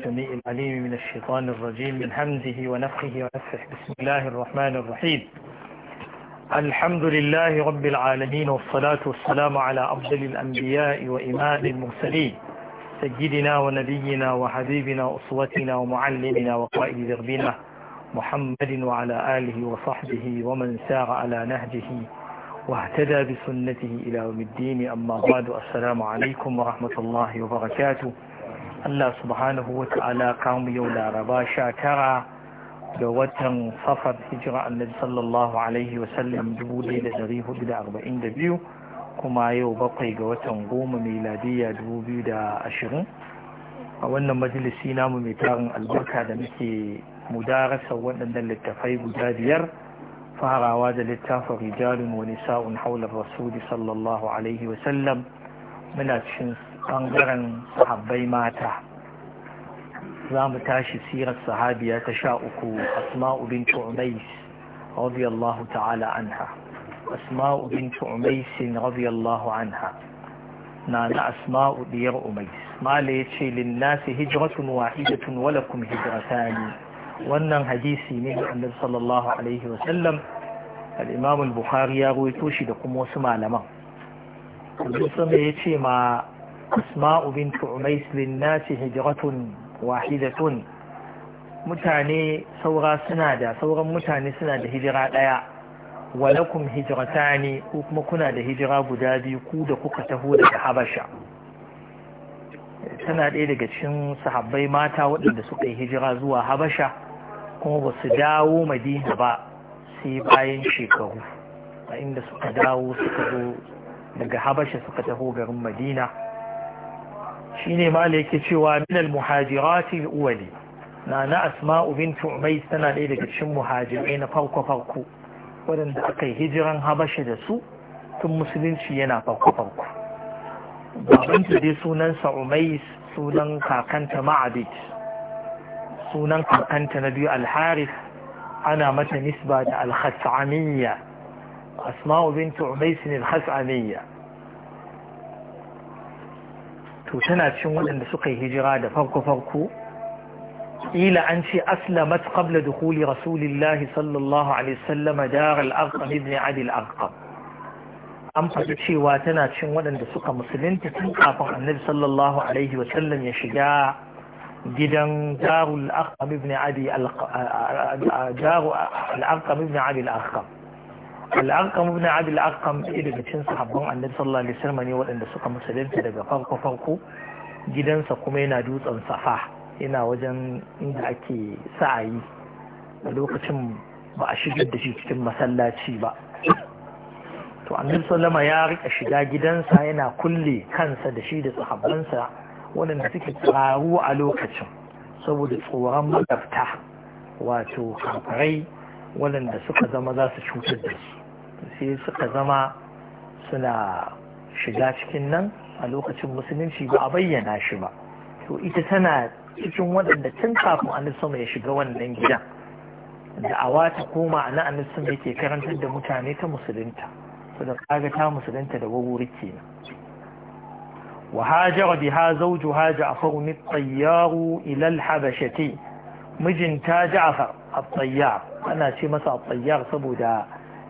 السميع العليم من الشيطان الرجيم من همزه ونفخه ونفخه بسم الله الرحمن الرحيم الحمد لله رب العالمين والصلاة والسلام على أفضل الأنبياء وإمام المرسلين سيدنا ونبينا وحبيبنا وأسوتنا ومعلمنا وقائد ذربنا محمد وعلى آله وصحبه ومن سار على نهجه واهتدى بسنته إلى يوم الدين أما بعد السلام عليكم ورحمة الله وبركاته Allah subhanahu wa ta'ala kamu yau laraba sha tara ga watan safar hijira annabi sallallahu alaihi da biyu kuma yau bakwai ga watan goma miladiyya ashirin a wannan majalisi namu mai tarin albarka da muke mudarasa waɗannan littafai guda biyar farawa da littafin rijalun wani sa'un haular rasuli sallallahu alaihi sallam muna cikin ɓangaren sahabbai mata za mu tashi sirar sahabiya ta sha uku asma'u bin umais radiyallahu ta'ala anha asma'u bin umais radiyallahu anha na na asma'u diyar umais mala ya ce linnasi hijratun wahidatun walakum hijratani wannan hadisi ne da annabi sallallahu alaihi wa sallam al-imam al-bukhari ya rawaito shi da kuma wasu malaman Abdul Sama ya ce ma ce أسماء بنت عميس للناس هجرة واحدة متاني سورة سنادة سورة متاني سنادة هجرة لا ولكم هجرتان وكما كنا ده هجرة بدابي kuka taho daga habasha tana ɗaya daga cikin sahabbai mata waɗanda suka yi hijira zuwa habasha kuma ba su dawo madina ba sai bayan shekaru a inda suka dawo suka zo daga habasha suka taho garin madina shine mala yake cewa min muhajirati uwali awwali na na asma'u bint umays tana ɗaya daga cikin muhajirai na farko farko waɗanda aka yi hijiran habasha da su tun musulunci yana farko farko babanta dai sunansa umays sunan kakanta ma'abid sunan kakanta na biyu alharif ana mata nisba da al asma'u bint umays ne khasamiyya to tana cin waɗanda suka yi hijira da farko-farko ila an ce aslamat qabla dukuli rasulillahi sallallahu alaihi sallama dar al'arqam ibn adil arqam an faɗi cewa tana cin waɗanda suka musulunta tun kafin annabi sallallahu alaihi wasallam ya shiga gidan darul arqam ibn adil arqam al'arqam na abu al'arqam ɗaya daga cin sahabban annabi sallallahu alaihi wasallam ne waɗanda suka musulunta daga farko farko gidansa kuma yana dutsen safa yana wajen inda ake sa'ayi a lokacin ba a shigar da shi cikin masallaci ba to annabi sallama ya rika shiga gidansa yana kulle kansa da shi da sahabbansa waɗanda suke tsaro a lokacin saboda tsoron madafta wato kafirai waɗanda suka zama za su cutar da su sai suka zama suna shiga cikin nan a lokacin musulunci ba a bayyana shi ba to ita tana cikin waɗanda tun kafin annisama ya shiga wannan gidan Da ta koma a nan annisama yake karantar da mutane ta musulunta to kaga ta musulunta da wawuri kenan وهاجر بها زوجها جعفر الطيار Ilal الحبشة mijinta ja'afar al-tsayyar ana ce masa al-tsayyar saboda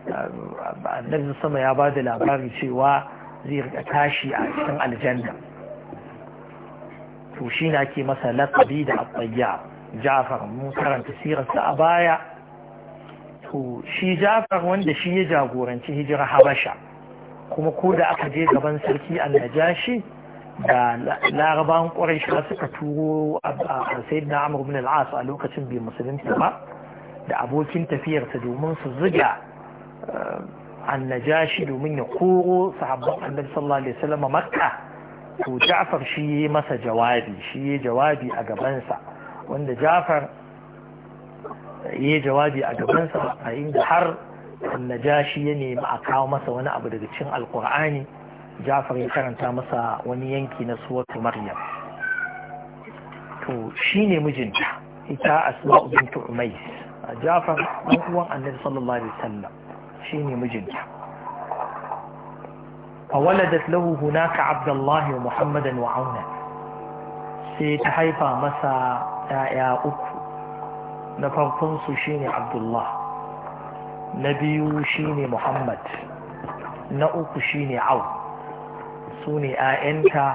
eh, annabi sama ya bada da labari cewa zai rika tashi a cikin aljanna to shi na ke masa laƙabi da al-tsayyar ja'afar mun karanta sa a baya to shi ja'afar wanda shi ya jagoranci hijira habasha kuma ko da aka je gaban sarki an najashi da laraban ƙwarai shi suka turo a sai da amur bin al'asa a lokacin bai musulunta ba da abokin tafiyarsa domin su ziga eh, annajashi domin ya koro sahabban annabi sallallahu alaihi wasallam makka to ja'far shi ya masa jawabi shi ya jawabi a gabansa wanda ja'far ya jawabi a gabansa a inda har annajashi ya nemi a kawo masa wani abu daga cikin alkur'ani jafar ya karanta masa wani yanki na suwatu maryam to shi ne mijinta ita asma'u bintu umais jafar ɗan uwan annabi sallallahu alaihi wasallam shi ne mijinta فولدت له هناك عبد الله ومحمدا وعونا سيتحيفا مسا يا أكو نفرقنس شيني عبد الله نبي شيني محمد نأكو شيني عون su ne 'ya'yanta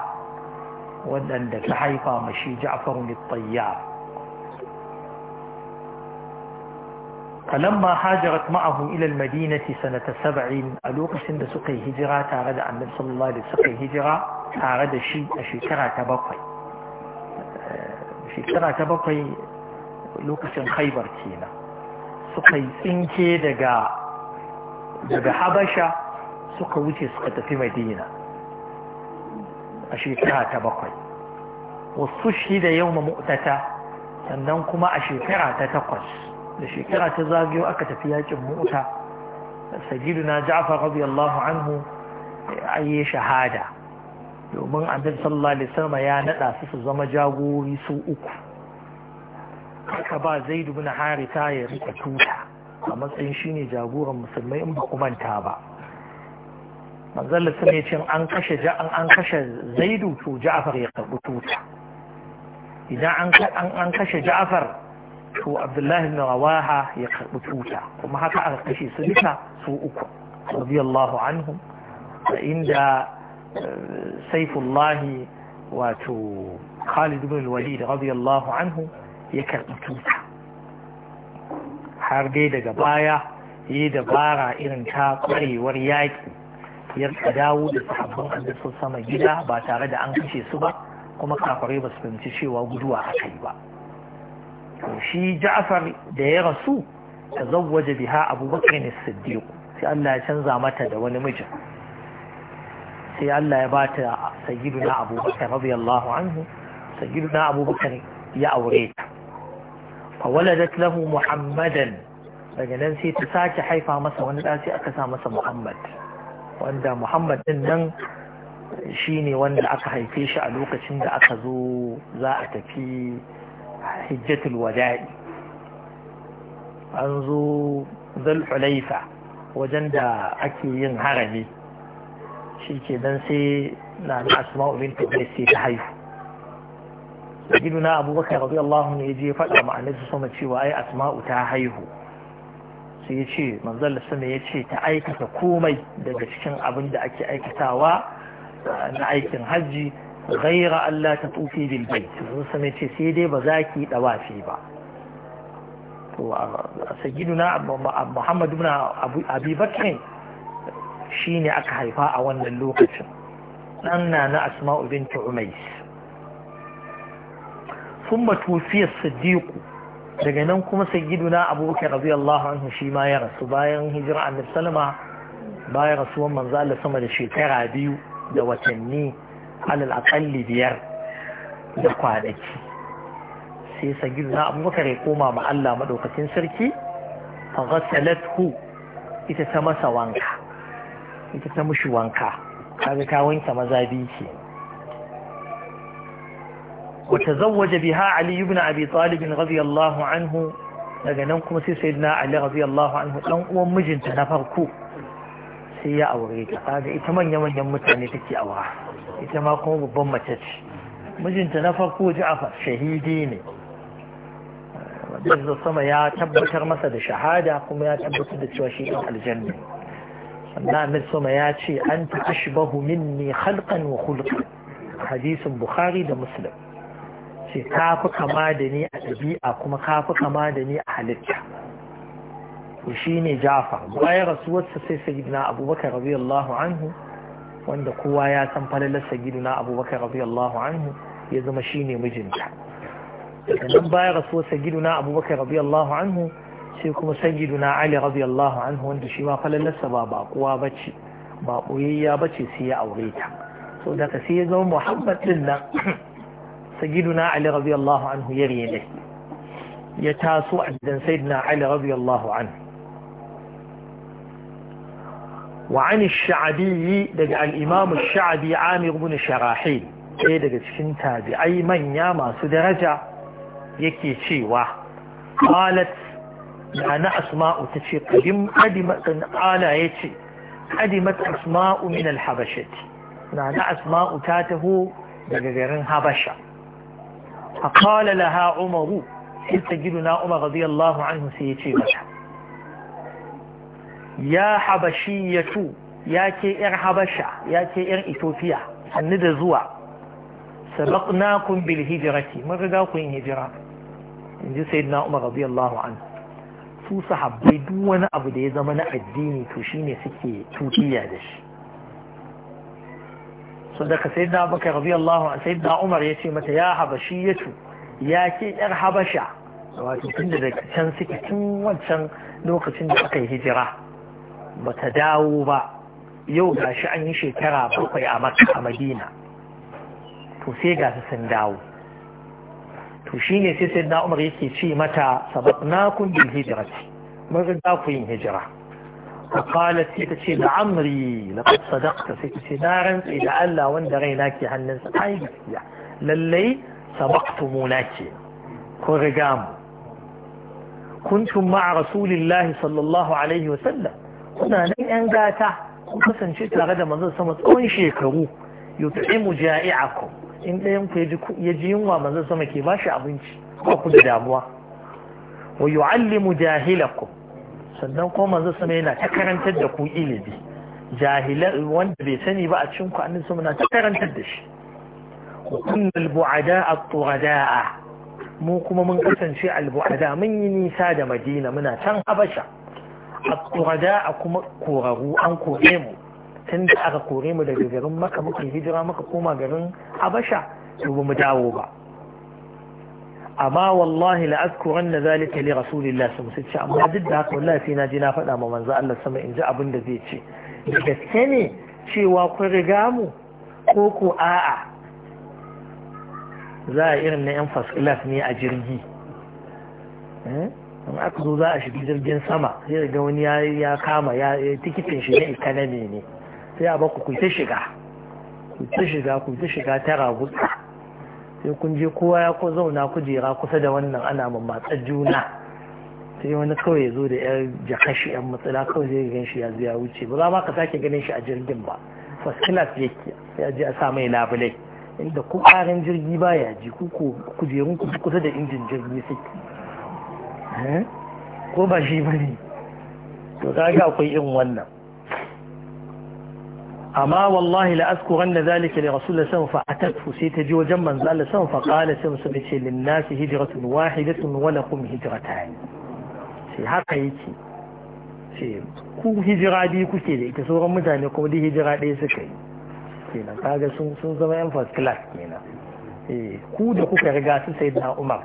waɗanda ta haifa mashi ja'farun tsayyar kalamma hajarat ma'ahu ilal madinati sanata saba'in a lokacin da suka yi hijira tare da annabi sallallahu alaihi suka yi hijira tare da shi a shekara ta bakwai shekara ta bakwai lokacin khaibar kenan suka yi tsinke daga daga habasha suka wuce suka tafi madina a shekara ta bakwai wasu shi da yau mu'tata sannan kuma a shekara ta takwas da shekara ta zagayo aka tafi yakin mu'ta sajiduna ja'far radiyallahu anhu ayi shahada domin abin sallallahu alaihi ya nada su su zama jagori su uku aka ba zaid ibn harita ya rika tuta a matsayin shine jagoran musulmai in ba ku manta ba manzon sun ya ce an kashe ja'an an kashe zaidu to ja'afar ya karɓi tuta idan an kashe ja'afar to abdullahi bin rawaha ya karɓi tuta kuma haka aka kashe su duka su uku radiyallahu anhum inda eh, saifullahi wato khalid bin walid radiyallahu anhu ya karɓi tuta har dai daga baya yi dabara irin ta kwarewar yaƙi ya dawo da sahabban sun sama gida ba tare da an kashe su ba kuma kafirai ba su fahimci cewa guduwa aka yi ba to shi Ja'far da ya rasu tazawwaja biha abubakar ne as-Siddiq sai Allah ya canza mata da wani mijin sai Allah ya bata sayyiduna Abu Bakr radiyallahu anhu sayyiduna Abu ya aure ta fa waladat lahu Muhammadan daga nan sai ta sake haifa masa wani ɗa sai aka sa masa Muhammad wanda muhammad din nan shi ne wanda aka haife shi a lokacin da aka zo za a tafi hijjatul wada'i an zo zalhulaifa wajen da ake yin harami shi ke dan sai na na asma'u bin sai ta haihu gidu na abubakar rabi ne ya je faɗa ma'anar su sama cewa ai asma'u ta haihu sai ya ce manzon sama ya ce ta aikata komai daga cikin abin da ake aikatawa eh, na aikin hajji ghaira Allah ta tufi bil bait sun sama ya ce sai dai ba za ki dawafi ba to sayyiduna Muhammadu na Abi shi shine aka haifa a wannan lokacin nan na na Asma'u bint Umais ثم توفي الصديق daga nan kuma sayyiduna abubakar radiyallahu anhu shi ma ya rasu bayan hijira annab sallama bayan rasuwan manzo Allah sama da shekara biyu da watanni alal aqalli biyar da kwanaki sai sayyiduna abubakar ya koma ma Allah madaukakin sarki fa ghassalathu ita ta masa wanka ita ta mushi wanka kaga ka wanke maza biyu ke وتزوج بها علي بن أبي طالب رضي الله عنه لغنمكم سيدنا علي رضي الله عنه لن أمجن تنفركو سيا أوريك هذا إتمنى من يمتعني تكي أورا إتما قوم بمتت مجن تنفركو جعفر شهيديني manzo sama ya tabbatar masa da shahada kuma ya tabbatar da cewa shi aljanna sannan annabi sama ya ce anta ashbahu minni khalqan wa khulqan hadisin bukhari da muslim ce kafi kama da ni a ɗabi'a kuma kafi kama da ni a halitta to shi ne jafa bayan rasuwarsa sai sagidina abubakar radiyallahu anhu wanda kowa ya san falalar sagidina abubakar radiyallahu anhu ya zama shi mijinta daga nan bayan rasuwar sagidina abubakar radiyallahu anhu sai kuma sagidina ali radiyallahu anhu wanda shi ma falalarsa ba bakuwa bace ba ɓoyayya bace sai ya aure ta so daga sai ya zama muhammad din nan sayyiduna ali radiyallahu anhu ya rene ya taso a gidan sayyidina ali radiyallahu anhu wa an sha'abi daga al-imam sha'abi amir ibn sharahil ɗaya daga cikin tabi'ai manya masu daraja yake cewa qalat na asma'u tace qadim qadimat ala yace qadimat asma'u min al-habashati na asma'u ta taho daga garin habasha a kala laha umaru ita gidu na umar radiyallahu anhu sai ya ce mata ya habashi ya tu ya ke yar habasha ya ke yar ethiopia hannu da zuwa sabaqnakum bil hijrati mun riga ku yin hijira inji sayyidina umar radiyallahu anhu su sahabbai duk wani abu da ya zama na addini to shine suke tukiya da shi so daga sayyidina abubakar radiyallahu anhu sayyidina umar yace mata ya habashiyatu ya ke yar habasha wato tun da can suke tun wancan lokacin da aka yi hijira bata dawo ba yau gashi an yi shekara bakwai a makka a madina to sai ga su sun dawo to shine sai sayyidina umar yake ce mata sabab na sabaqnakum bil hijrati mun riga ku yin hijira فقالت سيتشي لعمري لقد صدقت سيتشي نارا إلى ألا وندريناك هنن سقاي بسيا للي سبقتموناك كورغام كنتم مع رسول الله صلى الله عليه وسلم nan نين gata kusan kasance tare da manzon sama tsawon shekaru yut'imu ja'i'akum in ɗayan ku ya ji yunwa manzon sama ke bashi abinci ba ku da damuwa wa yu'allimu ku. sannan kuma manzo sama yana ta karantar da ku ilimi jahilan wanda bai sani ba a cikin ku annabi sama na ta karantar da shi wa kunna Albu'ada at-tughada'a mu kuma mun kasance Albu'ada mun yi nisa da Madina muna can Habasha at-tughada'a kuma koraru an kore mu tun da aka kore mu daga garin Makka muke hijira muka koma garin Habasha to ba mu dawo ba amma wallahi la azkuranna zalika li rasulillah sallallahu musu ce amma duk da haka wallahi sai na ji na faɗa ma manzo Allah sama in ji abin da zai ce da gaske ne cewa ku riga mu ko ku a'a za a irin na yan first ne a jirgi in aka zo za a shiga jirgin sama sai ga wani ya kama ya tikitin shi na economy ne sai a baku ku ta shiga ku ta shiga ku ta shiga tara gutsa sai kun je kowa ya ko zauna kujera kusa da wannan ana mamatsa juna sai wani kawai ya zo da yar jakashi yan matsala kawai zai gan shi ya zo ya wuce ba za ma ka sake ganin shi a jirgin ba first class yake sai je a sa mai labulai inda ko karin jirgi ba ya ji ku kujerun ku kusa da injin jirgi suke eh? ko ba shi ba ne to kaga akwai irin wannan amma wallahi la asku ganna zalika li rasulullah sallallahu alaihi wasallam fa atatu sai ta ji wajen manzo Allah sallallahu alaihi wasallam fa qala sai musu ce lin nasi hijratun wahidatun wa lakum hijratan sai haka yake sai ku hijira biyu kuke da ita sauran mutane kuma duk hijira ɗaya suka yi kenan kaga sun sun zama yan first class kenan eh ku da kuka riga su sai da Umar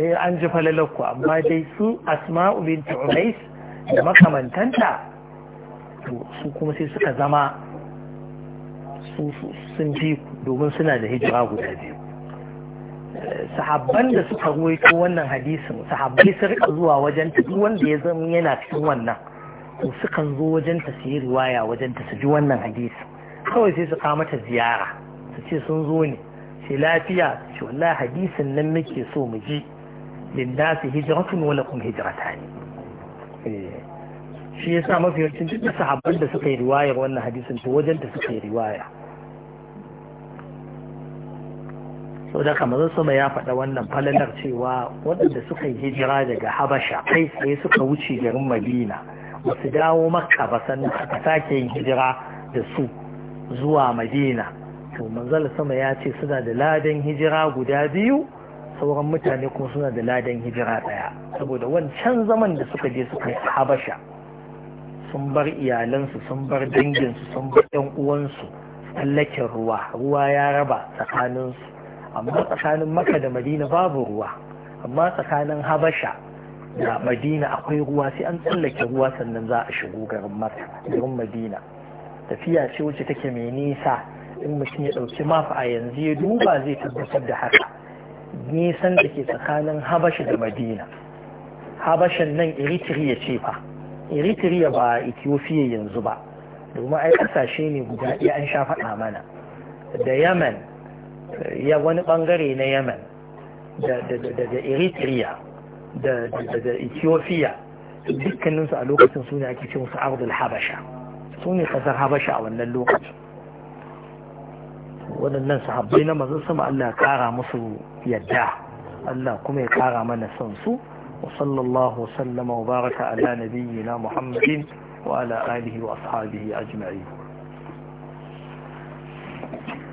eh an ji falalakku ku amma dai su Asma'u bint Umais da makamantanta to su kuma sai suka zama sun fi domin suna da hijira guda biyu sahabban da suka ruwaito wannan hadisin sahabbai sun rika zuwa wajen ta duk wanda ya zama yana cikin wannan to sukan zo wajen ta su yi riwaya wajen ta su ji wannan hadisin kawai sai su kawo mata ziyara su ce sun zo ne sai lafiya ce wallahi hadisin nan muke so mu ji lillahi hijratun wa lakum hijratani eh, shi yasa mafi yawancin duk sahabban da suka yi riwaya wannan hadisin to wajen ta suka yi riwaya sau da kamar sama ya faɗa wannan falalar cewa waɗanda suka yi hijira daga habasha kai tsaye suka wuce garin madina ba su dawo maka ba sannan aka sake yin hijira da su zuwa madina to manzal sama ya ce suna da ladan hijira guda biyu sauran mutane kuma suna da ladan hijira ɗaya saboda wancan zaman da suka je suka yi habasha sun bar iyalansu sun bar danginsu sun bar 'yan uwansu tsallaken ruwa ruwa ya raba tsakaninsu amma tsakanin maka da madina babu ruwa amma tsakanin habasha da madina akwai ruwa sai an tsallake ruwa sannan za a shigo garin maka garin madina tafiya ce wacce take mai nisa in mutum ya ɗauki mafa a yanzu ya duba zai tabbatar da haka nisan da ke tsakanin habasha da madina habashan nan eritrea ce fa eritrea ba ethiopia yanzu ba domin ai ƙasashe ne guda ɗaya an sha faɗa mana da yaman ya wani bangare na yemen da eritrea da ethiopia dukkaninsu a lokacin su ne ake ce musu habasha su ne kasar habasha a wannan lokacin waɗannan sahabbai na mazan sama Allah kara musu yadda Allah kuma ya kara mana son su wa sallallahu sallama wa baraka ala nabiyyina muhammadin wa ala alihi wa ashabihi ajma'in